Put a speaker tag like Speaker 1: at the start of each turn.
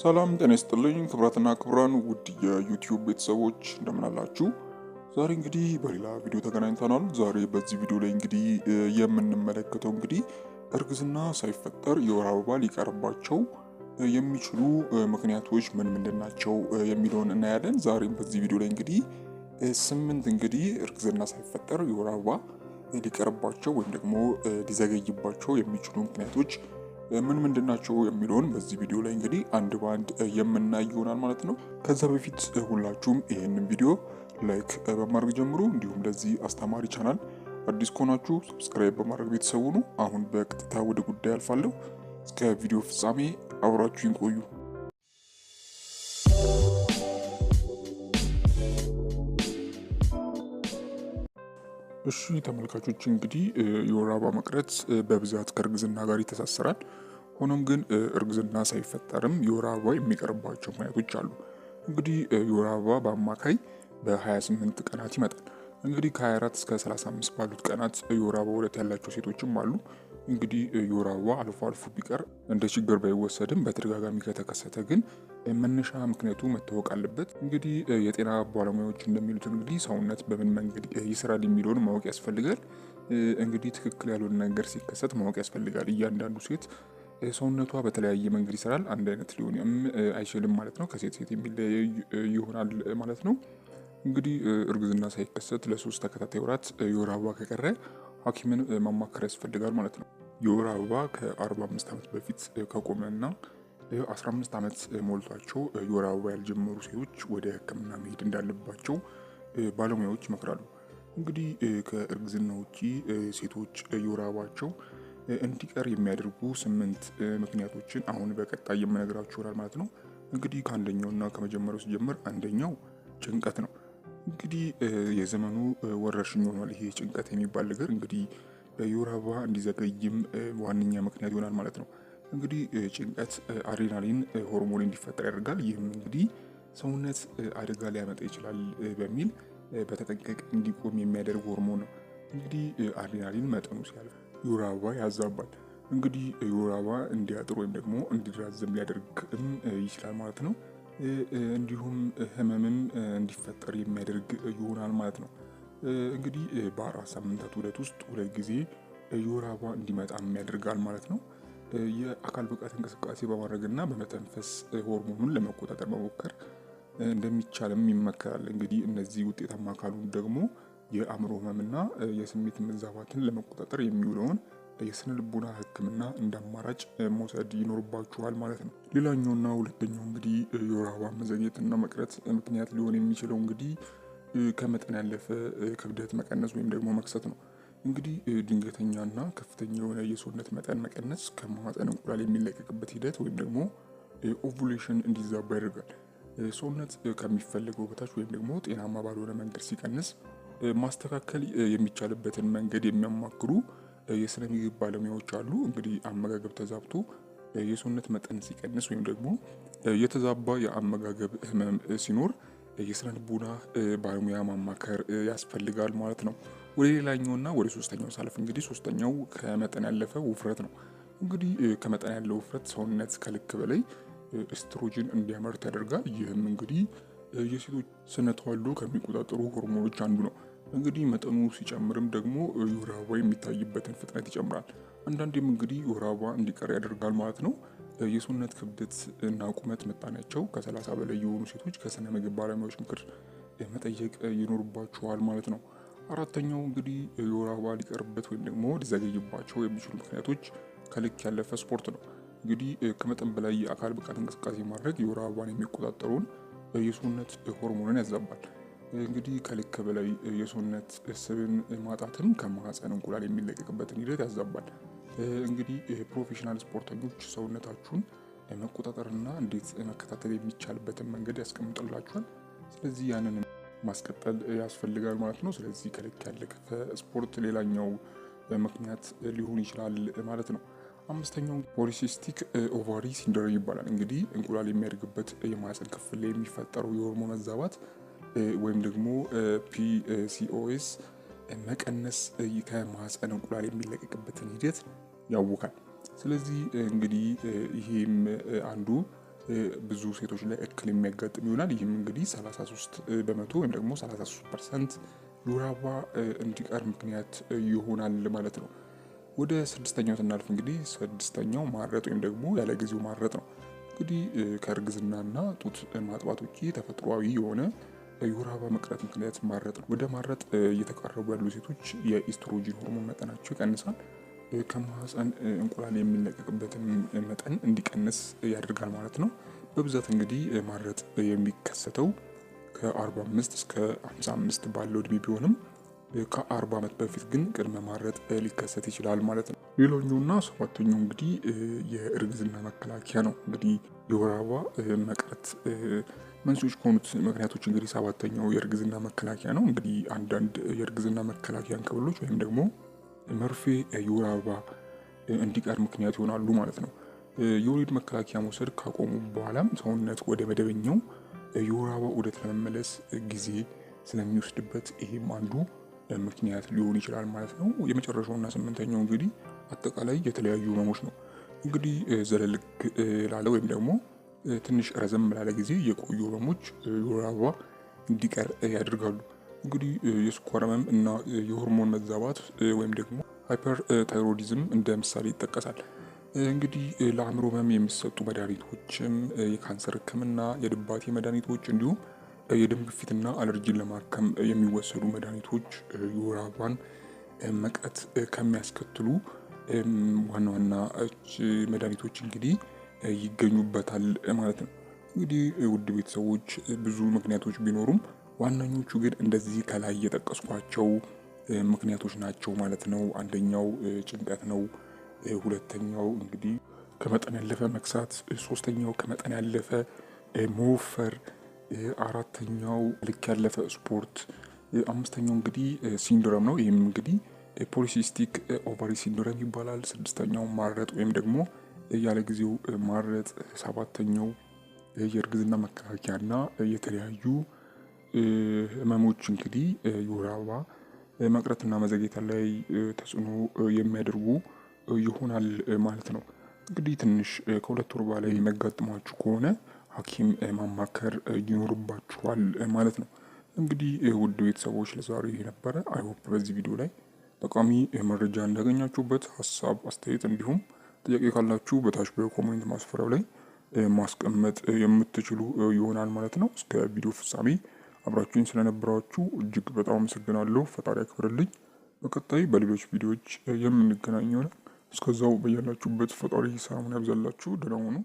Speaker 1: ሰላም ጤና ይስጥልኝ ክብራትና ክብራን ውድ የዩቲዩብ ቤተሰቦች እንደምን አላችሁ? ዛሬ እንግዲህ በሌላ ቪዲዮ ተገናኝተናል። ዛሬ በዚህ ቪዲዮ ላይ እንግዲህ የምንመለከተው እንግዲህ እርግዝና ሳይፈጠር የወር አበባ ሊቀርባቸው የሚችሉ ምክንያቶች ምን ምንድን ናቸው የሚለውን እናያለን። ዛሬም በዚህ ቪዲዮ ላይ እንግዲህ ስምንት እንግዲህ እርግዝና ሳይፈጠር የወር አበባ ሊቀርባቸው ወይም ደግሞ ሊዘገይባቸው የሚችሉ ምክንያቶች ምን ምንድን ናቸው የሚለውን በዚህ ቪዲዮ ላይ እንግዲህ አንድ በአንድ የምናይ ይሆናል ማለት ነው። ከዛ በፊት ሁላችሁም ይህንን ቪዲዮ ላይክ በማድረግ ጀምሩ። እንዲሁም ለዚህ አስተማሪ ቻናል አዲስ ከሆናችሁ ሰብስክራይብ በማድረግ ቤተሰቡ ነው። አሁን በቀጥታ ወደ ጉዳይ አልፋለሁ። እስከ ቪዲዮ ፍጻሜ አብራችሁ ይቆዩ? እሺ ተመልካቾች እንግዲህ የወር አበባ መቅረት በብዛት ከእርግዝና ጋር ይተሳሰራል። ሆኖም ግን እርግዝና ሳይፈጠርም የወር አበባ የሚቀርባቸው ምክንያቶች አሉ። እንግዲህ የወር አበባ በአማካይ በ28 ቀናት ይመጣል። እንግዲህ ከ24 እስከ 35 ባሉት ቀናት የወር አበባ ያላቸው ሴቶችም አሉ። እንግዲህ የወር አበባ አልፎ አልፎ ቢቀር እንደ ችግር ባይወሰድም በተደጋጋሚ ከተከሰተ ግን መነሻ ምክንያቱ መታወቅ አለበት። እንግዲህ የጤና ባለሙያዎች እንደሚሉት እንግዲህ ሰውነት በምን መንገድ ይስራል የሚለውን ማወቅ ያስፈልጋል። እንግዲህ ትክክል ያልሆነ ነገር ሲከሰት ማወቅ ያስፈልጋል። እያንዳንዱ ሴት ሰውነቷ በተለያየ መንገድ ይሰራል። አንድ አይነት ሊሆን አይችልም ማለት ነው። ከሴት ሴት የሚለያይ ይሆናል ማለት ነው። እንግዲህ እርግዝና ሳይከሰት ለሶስት ተከታታይ ወራት የወር አበባ ከቀረ ሐኪምን መማከር ያስፈልጋል ማለት ነው። የወር አበባ ከ45 ዓመት በፊት ከቆመና 15 ዓመት ሞልቷቸው የወር አበባ ያልጀመሩ ሴቶች ወደ ሕክምና መሄድ እንዳለባቸው ባለሙያዎች ይመክራሉ። እንግዲህ ከእርግዝና ውጪ ሴቶች የወር አበባቸው እንዲቀር የሚያደርጉ ስምንት ምክንያቶችን አሁን በቀጣይ የምነግራችሁ ይሆናል ማለት ነው። እንግዲህ ከአንደኛውና ከመጀመሪያው ሲጀምር አንደኛው ጭንቀት ነው። እንግዲህ የዘመኑ ወረርሽኝ ሆኗል። ይሄ ጭንቀት የሚባል ነገር እንግዲህ የወር አበባ እንዲዘገይም ዋነኛ ምክንያት ይሆናል ማለት ነው። እንግዲህ ጭንቀት አድሬናሊን ሆርሞን እንዲፈጠር ያደርጋል። ይህም እንግዲህ ሰውነት አደጋ ሊያመጣ ይችላል በሚል በተጠንቀቅ እንዲቆም የሚያደርግ ሆርሞን ነው። እንግዲህ አድሬናሊን መጠኑ ሲያልፍ የወር አበባ ያዛባል። እንግዲህ የወር አበባ እንዲያጥር ወይም ደግሞ እንዲራዘም ሊያደርግም ይችላል ማለት ነው። እንዲሁም ህመምም እንዲፈጠር የሚያደርግ ይሆናል ማለት ነው። እንግዲህ በአራት ሳምንታት ዑደት ውስጥ ሁለት ጊዜ የወር አበባ እንዲመጣም ያደርጋል ማለት ነው። የአካል ብቃት እንቅስቃሴ በማድረግና በመተንፈስ ሆርሞኑን ለመቆጣጠር መሞከር እንደሚቻልም ይመከራል። እንግዲህ እነዚህ ውጤታማ አካሉን ደግሞ የአእምሮ ህመምና የስሜት መዛባትን ለመቆጣጠር የሚውለውን የስነ ልቦና ህክምና እንደ አማራጭ መውሰድ ይኖርባችኋል ማለት ነው። ሌላኛውና ሁለተኛው እንግዲህ የወር አበባ መዘግየትና መቅረት ምክንያት ሊሆን የሚችለው እንግዲህ ከመጠን ያለፈ ክብደት መቀነስ ወይም ደግሞ መክሰት ነው። እንግዲህ ድንገተኛና ከፍተኛ የሆነ የሰውነት መጠን መቀነስ ከማህፀን እንቁላል የሚለቀቅበት ሂደት ወይም ደግሞ ኦቭሌሽን እንዲዛባ ያደርጋል። ሰውነት ከሚፈለገው በታች ወይም ደግሞ ጤናማ ባልሆነ መንገድ ሲቀንስ ማስተካከል የሚቻልበትን መንገድ የሚያማክሩ የስነ ምግብ ባለሙያዎች አሉ። እንግዲህ አመጋገብ ተዛብቶ የሰውነት መጠን ሲቀንስ ወይም ደግሞ የተዛባ የአመጋገብ ህመም ሲኖር የስነ ልቦና ባለሙያ ማማከር ያስፈልጋል ማለት ነው። ወደ ሌላኛውና ወደ ሶስተኛው ሳልፍ እንግዲህ ሶስተኛው ከመጠን ያለፈ ውፍረት ነው። እንግዲህ ከመጠን ያለው ውፍረት ሰውነት ከልክ በላይ እስትሮጅን እንዲያመርት ያደርጋል። ይህም እንግዲህ የሴቶች ስነ ተዋልዶ ከሚቆጣጠሩ ሆርሞኖች አንዱ ነው። እንግዲህ መጠኑ ሲጨምርም ደግሞ የወር አበባ የሚታይበትን ፍጥነት ይጨምራል። አንዳንዴም እንግዲህ የወር አበባ እንዲቀር ያደርጋል ማለት ነው። የሰውነት ክብደት እና ቁመት ከ ከሰላሳ በላይ የሆኑ ሴቶች ከስነ ምግብ ባለሙያዎች ምክር መጠየቅ ይኖርባቸዋል ማለት ነው። አራተኛው እንግዲህ የወር አበባ ሊቀርበት ወይም ደግሞ ሊዘገይባቸው የሚችሉ ምክንያቶች ከልክ ያለፈ ስፖርት ነው። እንግዲህ ከመጠን በላይ የአካል ብቃት እንቅስቃሴ ማድረግ የወር አበባን የሚቆጣጠሩን የሰውነት ሆርሞንን ያዛባል። እንግዲህ ከልክ በላይ የሰውነት ስብን ማጣትም ከማህፀን እንቁላል የሚለቀቅበትን ሂደት ያዛባል። እንግዲህ ፕሮፌሽናል ስፖርተኞች ሰውነታችሁን መቆጣጠርና እንዴት መከታተል የሚቻልበትን መንገድ ያስቀምጥላችኋል። ስለዚህ ያንን ማስቀጠል ያስፈልጋል ማለት ነው። ስለዚህ ከልክ ያለፈ ስፖርት ሌላኛው ምክንያት ሊሆን ይችላል ማለት ነው። አምስተኛው ፖሊሲስቲክ ኦቫሪ ሲንደር ይባላል። እንግዲህ እንቁላል የሚያድግበት የማህፀን ክፍል የሚፈጠረው የሆርሞን መዛባት ወይም ደግሞ ፒሲኦኤስ መቀነስ ከማህፀን እንቁላል የሚለቀቅበትን ሂደት ያውካል። ስለዚህ እንግዲህ ይሄም አንዱ ብዙ ሴቶች ላይ እክል የሚያጋጥም ይሆናል። ይህም እንግዲህ 33 በመቶ ወይም ደግሞ 33 ፐርሰንት የወር አበባ እንዲቀር ምክንያት ይሆናል ማለት ነው። ወደ ስድስተኛው ስናልፍ እንግዲህ ስድስተኛው ማረጥ ወይም ደግሞ ያለ ጊዜው ማረጥ ነው። እንግዲህ ከእርግዝናና ጡት ማጥባት ውጪ ተፈጥሯዊ የሆነ በወር አበባ መቅረት ምክንያት ማረጥ ነው። ወደ ማረጥ እየተቃረቡ ያሉ ሴቶች የኢስትሮጂን ሆርሞን መጠናቸው ይቀንሳል። ከማህፀን እንቁላል የሚለቀቅበትን መጠን እንዲቀንስ ያደርጋል ማለት ነው። በብዛት እንግዲህ ማረጥ የሚከሰተው ከ45 እስከ 55 ባለው እድሜ ቢሆንም ከአርባ ዓመት በፊት ግን ቅድመ ማረጥ ሊከሰት ይችላል ማለት ነው። ሌላኛውና ሰባተኛው እንግዲህ የእርግዝና መከላከያ ነው። እንግዲህ የወር አበባ መቅረት መንስኤዎች ከሆኑት ምክንያቶች እንግዲህ ሰባተኛው የእርግዝና መከላከያ ነው። እንግዲህ አንዳንድ የእርግዝና መከላከያ እንክብሎች ወይም ደግሞ መርፌ የወር አበባ እንዲቀር ምክንያት ይሆናሉ ማለት ነው። የወሊድ መከላከያ መውሰድ ካቆሙ በኋላም ሰውነት ወደ መደበኛው የወር አበባ ዑደት ለመመለስ ጊዜ ስለሚወስድበት ይህም አንዱ ምክንያት ሊሆን ይችላል ማለት ነው። የመጨረሻውና ስምንተኛው እንግዲህ አጠቃላይ የተለያዩ ህመሞች ነው። እንግዲህ ዘለልግ ላለ ወይም ደግሞ ትንሽ ረዘም ላለ ጊዜ የቆዩ ህመሞች የወር አበባ እንዲቀር ያደርጋሉ። እንግዲህ የስኳር ህመም እና የሆርሞን መዛባት ወይም ደግሞ ሃይፐር ታይሮዲዝም እንደ ምሳሌ ይጠቀሳል። እንግዲህ ለአእምሮ ህመም የሚሰጡ መድኃኒቶችም የካንሰር ህክምና፣ የድባቴ መድኃኒቶች እንዲሁም የደም ግፊትና አለርጂን ለማከም የሚወሰዱ መድኃኒቶች የወር አበባን መቅረት ከሚያስከትሉ ዋና ዋና መድኃኒቶች እንግዲህ ይገኙበታል ማለት ነው። እንግዲህ ውድ ቤተሰቦች ብዙ ምክንያቶች ቢኖሩም ዋናኞቹ ግን እንደዚህ ከላይ የጠቀስኳቸው ምክንያቶች ናቸው ማለት ነው። አንደኛው ጭንቀት ነው። ሁለተኛው እንግዲህ ከመጠን ያለፈ መክሳት፣ ሶስተኛው ከመጠን ያለፈ መወፈር አራተኛው ልክ ያለፈ ስፖርት፣ አምስተኛው እንግዲህ ሲንድረም ነው። ይህም እንግዲህ ፖሊሲስቲክ ኦቫሪ ሲንድረም ይባላል። ስድስተኛው ማረጥ ወይም ደግሞ ያለ ጊዜው ማረጥ፣ ሰባተኛው የእርግዝና መከላከያና የተለያዩ ህመሞች እንግዲህ የወር አበባ መቅረትና መዘግየት ላይ ተጽዕኖ የሚያደርጉ ይሆናል ማለት ነው። እንግዲህ ትንሽ ከሁለት ወር በላይ የሚያጋጥሟችሁ ከሆነ ሐኪም ማማከር ይኖርባችኋል ማለት ነው። እንግዲህ ውድ ቤተሰቦች ለዛሬ ይሄ ነበረ። አይሆፕ በዚህ ቪዲዮ ላይ ጠቃሚ መረጃ እንዳገኛችሁበት፣ ሀሳብ አስተያየት፣ እንዲሁም ጥያቄ ካላችሁ በታች በኮሜንት ማስፈሪያው ላይ ማስቀመጥ የምትችሉ ይሆናል ማለት ነው። እስከ ቪዲዮ ፍጻሜ አብራችሁኝ ስለነበራችሁ እጅግ በጣም አመሰግናለሁ። ፈጣሪ ያክብርልኝ። በቀጣይ በሌሎች ቪዲዮዎች የምንገናኝ ይሆናል። እስከዛው በያላችሁበት ፈጣሪ ሰላሙን ያብዛላችሁ። ደህና ሁኑ።